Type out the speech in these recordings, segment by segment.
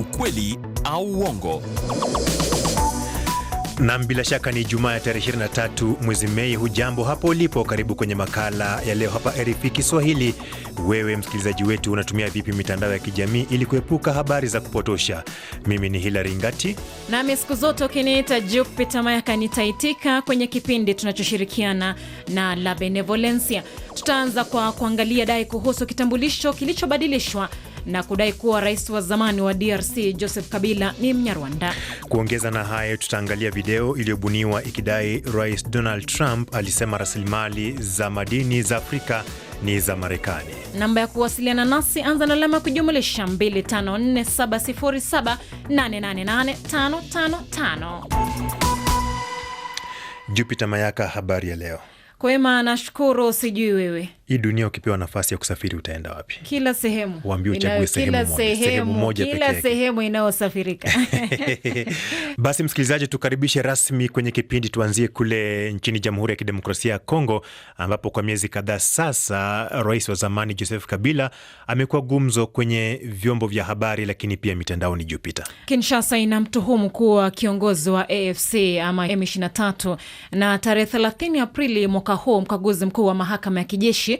ukweli au uongo. Nam, bila shaka ni Jumaa ya tarehe 23 mwezi Mei. Hujambo hapo ulipo, karibu kwenye makala ya leo hapa RFI Kiswahili. Wewe msikilizaji wetu, unatumia vipi mitandao ya kijamii ili kuepuka habari za kupotosha? Mimi ni Hilari Ngati, nami siku zote ukiniita Jupita Mayaka nitaitika kwenye kipindi tunachoshirikiana na La Benevolencia. Tutaanza kwa kuangalia dai kuhusu kitambulisho kilichobadilishwa na kudai kuwa rais wa zamani wa DRC Joseph Kabila ni Mnyarwanda. Kuongeza na hayo, tutaangalia video iliyobuniwa ikidai Rais Donald Trump alisema rasilimali za madini za Afrika ni za Marekani. Namba ya kuwasiliana nasi anza na alama kujumulisha 254707888555. jupita Mayaka, habari ya leo. Kwema, nashukuru. Sijui wewe hii dunia ukipewa nafasi ya kusafiri utaenda wapi? Kila sehemu waambia uchague sehemu moja, kila sehemu inayosafirika. Basi msikilizaji, tukaribishe rasmi kwenye kipindi. Tuanzie kule nchini Jamhuri ya Kidemokrasia ya Kongo, ambapo kwa miezi kadhaa sasa rais wa zamani Joseph Kabila amekuwa gumzo kwenye vyombo vya habari, lakini pia mitandaoni. Jupita, Kinshasa inamtuhumu kuwa kiongozi wa AFC ama M23, na tarehe 30 Aprili mwaka huu mkaguzi mkuu wa mahakama ya kijeshi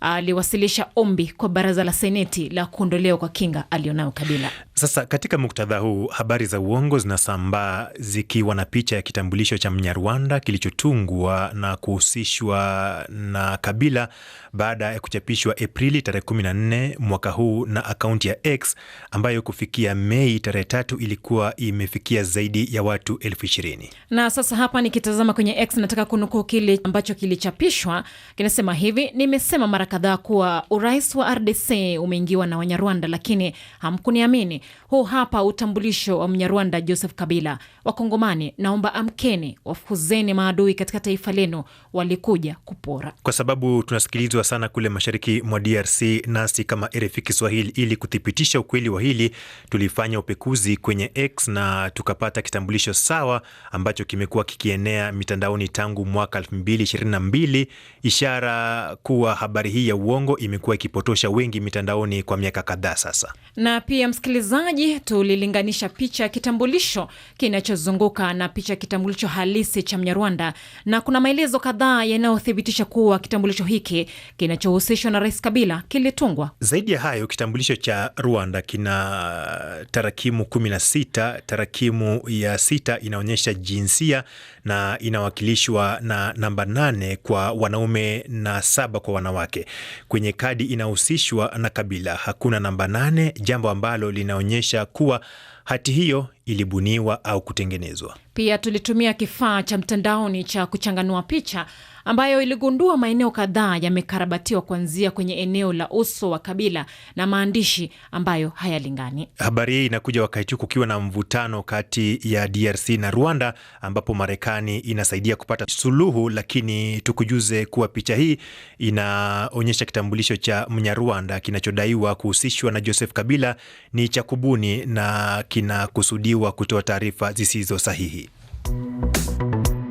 aliwasilisha ombi kwa baraza la seneti la kuondolewa kwa kinga aliyonayo Kabila. Sasa katika muktadha huu, habari za uongo zinasambaa zikiwa na picha ya kitambulisho cha Mnyarwanda kilichotungwa na kuhusishwa na Kabila baada ya kuchapishwa Aprili tarehe 14 mwaka huu na akaunti ya X ambayo kufikia Mei tarehe tatu ilikuwa imefikia zaidi ya watu elfu ishirini. Na sasa hapa nikitazama kwenye X nataka kunukuu kile ambacho kilichapishwa, kinasema hivi: nimesema mara kadhaa kuwa urais wa RDC umeingiwa na Wanyarwanda, lakini hamkuniamini. Huu hapa utambulisho wa Mnyarwanda Joseph Kabila. Wakongomani, naomba amkeni, wafukuzeni maadui katika taifa lenu, walikuja kupora. Kwa sababu tunasikilizwa sana kule mashariki mwa DRC, nasi kama RFI Kiswahili, ili kuthibitisha ukweli wa hili, tulifanya upekuzi kwenye X na tukapata kitambulisho sawa ambacho kimekuwa kikienea mitandaoni tangu mwaka 2022 ishara kuwa habari hii hii ya uongo imekuwa ikipotosha wengi mitandaoni kwa miaka kadhaa sasa. Na pia msikilizaji, tulilinganisha picha ya kitambulisho kinachozunguka na picha ya kitambulisho halisi cha Mnyarwanda, na kuna maelezo kadhaa yanayothibitisha kuwa kitambulisho hiki kinachohusishwa na Rais Kabila kilitungwa. Zaidi ya hayo, kitambulisho cha Rwanda kina tarakimu 16. Tarakimu ya sita inaonyesha jinsia na inawakilishwa na namba nane kwa wanaume na saba kwa wanawake kwenye kadi inahusishwa na kabila. Hakuna namba nane, jambo ambalo linaonyesha kuwa hati hiyo ilibuniwa au kutengenezwa. Pia tulitumia kifaa cha mtandaoni cha kuchanganua picha ambayo iligundua maeneo kadhaa yamekarabatiwa kuanzia kwenye eneo la uso wa kabila na maandishi ambayo hayalingani. Habari hii inakuja wakati huu kukiwa na mvutano kati ya DRC na Rwanda, ambapo Marekani inasaidia kupata suluhu, lakini tukujuze kuwa picha hii inaonyesha kitambulisho cha Mnyarwanda kinachodaiwa kuhusishwa na Joseph Kabila ni cha kubuni na kinakusudiwa wa kutoa taarifa zisizo sahihi.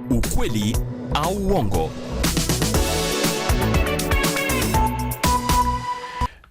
Ukweli au uongo.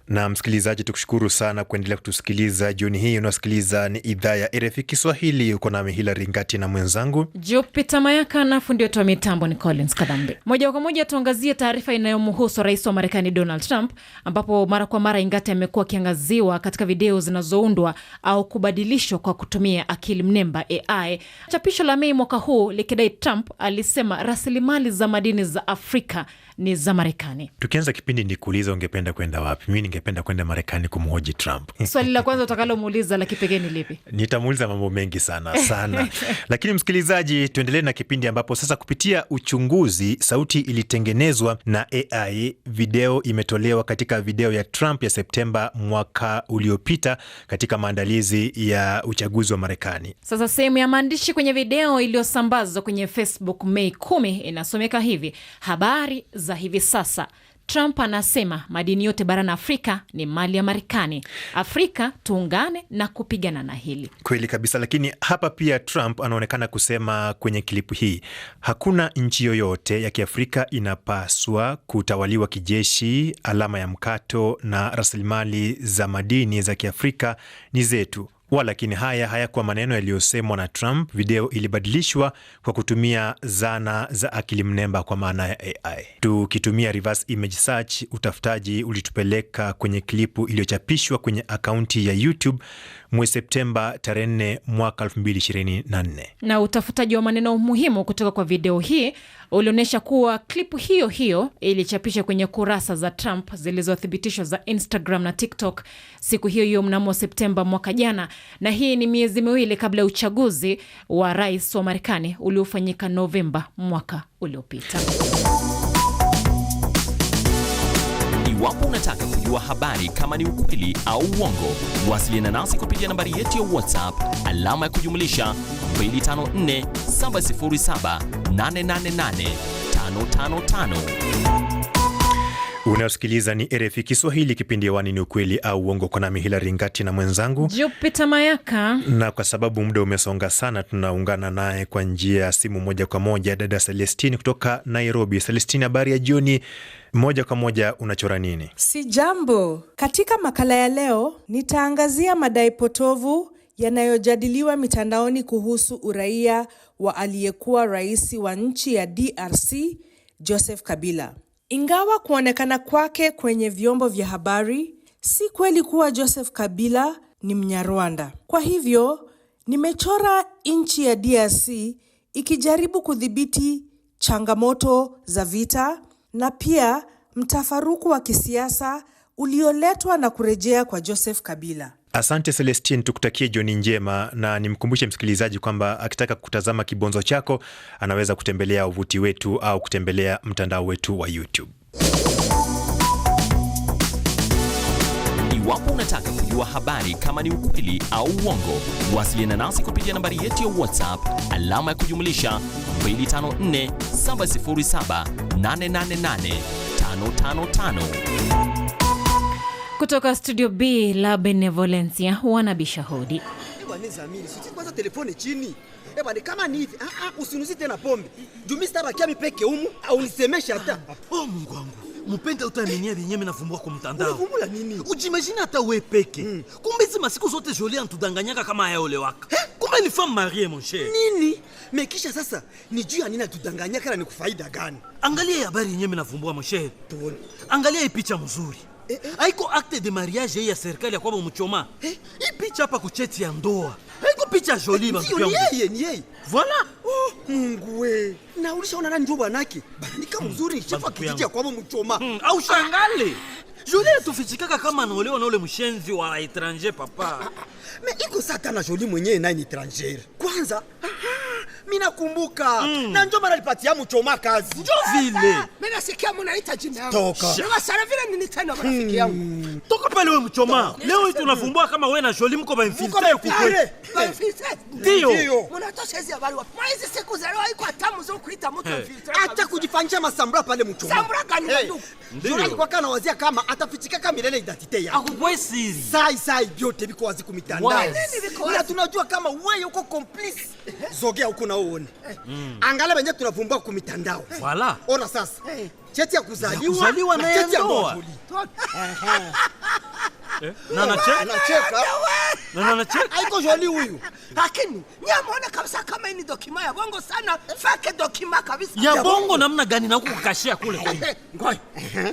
Na msikilizaji, tukushukuru sana kuendelea kutusikiliza jioni hii. unaosikiliza ni idhaa ya RFI Kiswahili, uko nami Hilari Ngati na mwenzangu Jupita Mayaka, nafu ndio toa mitambo ni Collins kadhambi Moja kwa moja tuangazie taarifa inayomhusu rais wa Marekani Donald Trump, ambapo mara kwa mara Ingati amekuwa akiangaziwa katika video zinazoundwa au kubadilishwa kwa kutumia akili mnemba AI. Chapisho la Mei mwaka huu likidai Trump alisema rasilimali za madini za Afrika ni za Marekani. Tukianza kipindi nikuuliza, ungependa kwenda wapi? Mi ningependa kwenda Marekani kumhoji Trump. Swali la kwanza utakalomuuliza la kipekee ni lipi? Nitamuuliza mambo mengi sana sana lakini msikilizaji, tuendelee na kipindi ambapo sasa kupitia uchunguzi sauti ilitengenezwa na AI, video imetolewa katika video ya Trump ya Septemba mwaka uliopita katika maandalizi ya uchaguzi wa Marekani. Sasa sehemu ya maandishi kwenye video iliyosambazwa kwenye Facebook Mei kumi inasomeka hivi: habari za hivi sasa. Trump anasema madini yote barani Afrika ni mali ya Marekani. Afrika tuungane na kupigana na hili. Kweli kabisa, lakini hapa pia Trump anaonekana kusema kwenye klipu hii, hakuna nchi yoyote ya kiafrika inapaswa kutawaliwa kijeshi. Alama ya mkato na rasilimali za madini za kiafrika ni zetu. Walakini haya hayakuwa maneno yaliyosemwa na Trump. Video ilibadilishwa kwa kutumia zana za akili mnemba kwa maana ya AI. Tukitumia reverse image search, utafutaji ulitupeleka kwenye klipu iliyochapishwa kwenye akaunti ya YouTube mwezi Septemba tarehe 4 mwaka 2024. Na utafutaji wa maneno muhimu kutoka kwa video hii ulionyesha kuwa klipu hiyo hiyo ilichapishwa kwenye kurasa za Trump zilizothibitishwa za Instagram na TikTok siku hiyo hiyo mnamo Septemba mwaka jana, na hii ni miezi miwili kabla ya uchaguzi wa rais wa Marekani uliofanyika Novemba mwaka uliopita. Iwapo unataka kujua habari kama ni ukweli au uongo, wasiliana nasi kupitia nambari yetu ya WhatsApp alama ya kujumlisha 254 707 888 555. Unayosikiliza ni RFI Kiswahili, kipindi hewani ni ukweli au uongo. Kwa nami Hilari Ngati na mwenzangu Jupita Mayaka, na kwa sababu muda umesonga sana, tunaungana naye kwa njia ya simu moja kwa moja dada Celestini kutoka Nairobi. Celestini, habari ya jioni. Moja kwa moja, unachora nini? Si jambo. Katika makala ya leo nitaangazia madai potovu yanayojadiliwa mitandaoni kuhusu uraia wa aliyekuwa rais wa nchi ya DRC Joseph Kabila. Ingawa kuonekana kwake kwenye vyombo vya habari si kweli kuwa Joseph Kabila ni Mnyarwanda. Kwa hivyo nimechora nchi ya DRC ikijaribu kudhibiti changamoto za vita na pia mtafaruku wa kisiasa ulioletwa na kurejea kwa Joseph Kabila. Asante Celestin, tukutakie jioni njema, na nimkumbushe msikilizaji kwamba akitaka kutazama kibonzo chako anaweza kutembelea uvuti wetu au kutembelea mtandao wetu wa YouTube. Iwapo unataka kujua habari kama ni ukweli au uongo, wasiliana nasi kupitia nambari yetu ya WhatsApp alama ya kujumlisha 254 707 888 555. Kutoka studio B la Benevolencia, wanabisha hodi. Kwanza telefone chini Ebane, kama ni hivi ah, ah, usinuzi tena pombe jumi mipeke umu au hata. Oh, ah, Mungu wangu mupenda utaminia vyenye minavumbua kwa mtandao. nini? Ujimagine hata we peke mm. Kumbe hizi masiku zote Joli antudanganyaka kama hayaolewaka eh? Kumbe ni femme marie mon Nini mekisha sasa, ni juu ya nini ni kufaida gani? Angalia habari yenye minavumbua mon Angalia ipicha mzuri eh, eh. acte de mariage ya serikali ya kwamba mchoma eh. Hii picha hapa kucheti ya ndoa haiko picha joli bandugu yangu yeye voilà. Oh, Mungu we na ulishaona nani ndio bwanake bandika hmm, mzuri mm, chafa kijiji ya kwamba mchoma mm, au shangale Jolie atufichikaka kama anaolewa na ule mshenzi wa etranger papa. Ah, ah, ah. Me iko satana Jolie mwenyewe naye ni etranger kwanza. Aha mimi nakumbuka mm. na njoo maana alipatia mchoma kazi. njo vile. Mimi nasikia mnaita jina yangu. Toka. Ni wasara vile nini tena marafiki hmm. yangu. hmm. Toka pale wewe mchoma. Leo hii tunafumbua kama wewe na Jolie mko bainfiltre kukwe. Eh. Ndio. Mnatosha hizi habari wapi? Mwa hizi siku za leo haiko hatamu zo kuita mtu eh. mfiltre. Hata kujifanyia masambura pale mchoma. sambura gani eh. ndugu? Ndio. kwa kana wazia kama atafichika kama milele identite yako. Akukwe siri. Sai sai biote biko wazi kumitandao. Na tunajua kama wewe uko complice. Zogea huko na uone eh. mm. Angalau wenyewe tunavumbua ku mitandao eh. voilà. ona sasa hey. Eh. cheti ya kuzaliwa, kuzaliwa na cheti ya ndoa Eh, na nacheka na nacheka haiko joli huyu, lakini nyamuona kabisa kama ini dokima ya bongo sana, fake dokima kabisa ya bongo. Namna gani na kukashia kule kwa ngoi,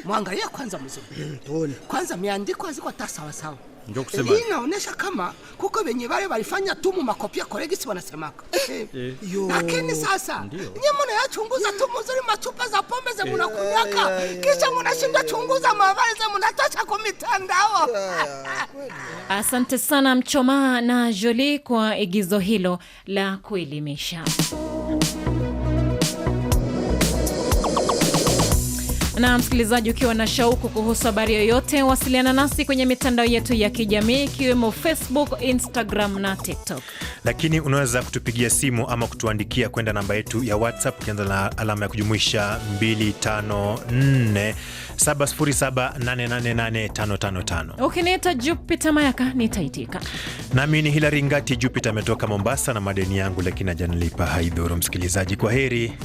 mwangalia kwanza mzuri, mm, tuone kwanza miandiko azikwa hata sawa sawa ndio eh, inaonesha kama kuko wenye wale walifanya tumu makopia kolegisi wanasemaka. Eh, eh. Lakini sasa nyinyi munayachunguza tu mzuri machupa za pombe za mnakunyaka kisha mnashinda chunguza mavazi za mnatacha kwa mitandao. Asante sana Mchoma na joli kwa igizo hilo la kuelimisha. Na msikilizaji, ukiwa na shauku kuhusu habari yoyote, wasiliana nasi kwenye mitandao yetu ya kijamii ikiwemo Facebook, Instagram na TikTok. Lakini unaweza kutupigia simu ama kutuandikia kwenda namba yetu ya WhatsApp ukianza na alama ya kujumuisha 254 Ukiniita Jupiter Mayaka nitaitika. Nami ni Hilari Ngati. Jupiter ametoka Mombasa na madeni yangu, lakini ajanilipa haidhuru. Msikilizaji, kwa heri.